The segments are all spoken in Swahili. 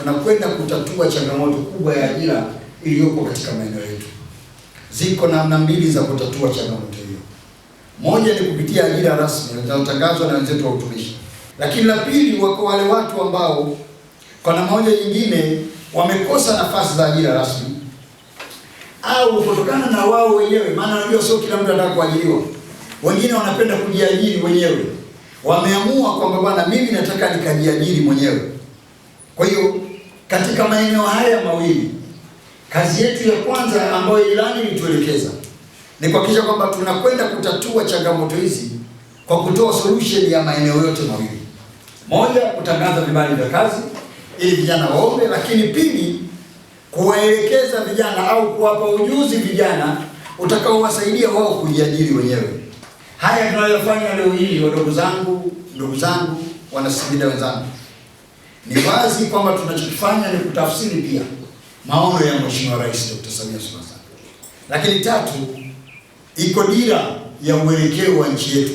tunakwenda kutatua changamoto kubwa ya ajira iliyopo katika maeneo yetu. Ziko namna mbili za kutatua changamoto hiyo. Moja ni kupitia ajira rasmi zinazotangazwa na wenzetu wa utumishi, lakini la pili, wako wale watu ambao kwa namna moja nyingine wamekosa nafasi za ajira rasmi au kutokana na wao wenyewe, maana najua sio kila mtu anataka kuajiriwa. Wengine wanapenda kujiajiri wenyewe, wameamua kwamba bwana, mimi nataka nikajiajiri mwenyewe. Kwa hiyo katika maeneo haya mawili, kazi yetu ya kwanza ambayo ilani ilituelekeza ni kuhakikisha kwamba tunakwenda kutatua changamoto hizi kwa kutoa solution ya maeneo yote mawili. Moja, kutangaza vibali vya kazi ili vijana waombe, lakini pili, kuwaelekeza vijana au kuwapa ujuzi vijana utakaowasaidia wao kujiajiri wenyewe. Haya tunayofanya leo hii, wadogo zangu, ndugu zangu, wanasimida wenzangu ni wazi kwamba tunachokifanya ni kutafsiri pia maono ya Mheshimiwa Rais Dr. Samia Suluhu Hassan. Lakini tatu, iko dira ya uelekeo wa nchi yetu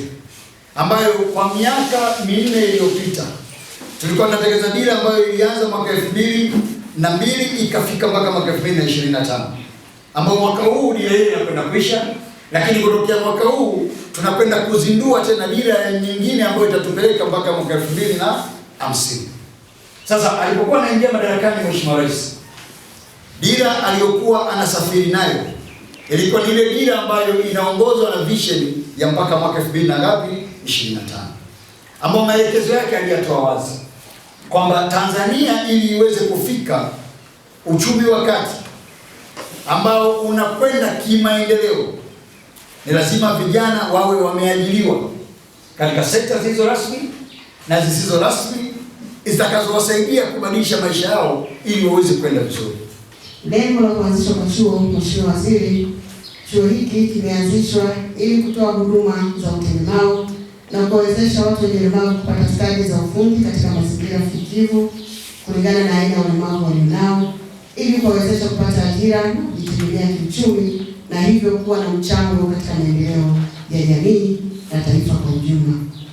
ambayo kwa miaka minne iliyopita tulikuwa tunatekeleza dira ambayo ilianza mwaka elfu mbili na mbili ikafika mpaka mwaka elfu mbili na ishirini na tano ambao mwaka huu dira hiyo inakwenda kuisha, lakini kutokea mwaka huu tunakwenda kuzindua tena dira nyingine ambayo itatupeleka mpaka mwaka elfu mbili na hamsini. Sasa alipokuwa anaingia madarakani Mheshimiwa Rais, dira aliyokuwa anasafiri nayo ilikuwa ni ile dira ambayo inaongozwa na vision ya mpaka mwaka 2000 na ngapi 25, ambayo maelekezo yake aliyatoa wazi kwamba Tanzania ili iweze kufika uchumi wa kati ambao unakwenda kimaendeleo, ni lazima vijana wawe wameajiriwa katika sekta zilizo rasmi na zisizo rasmi zitakazowasaidia kubadilisha maisha yao ili waweze kwenda vizuri. Lengo la kuanzishwa kwa chuo, Mheshimiwa Waziri, chuo hiki kimeanzishwa ili kutoa huduma za utengemao na kuwawezesha watu wenye ulemavu kupata stadi za ufundi katika mazingira fikivu kulingana na aina ya ulemavu walionao, ili kuwawezesha kupata ajira na kujitegemea kiuchumi na hivyo kuwa na mchango katika maendeleo ya jamii na taifa kwa ujumla.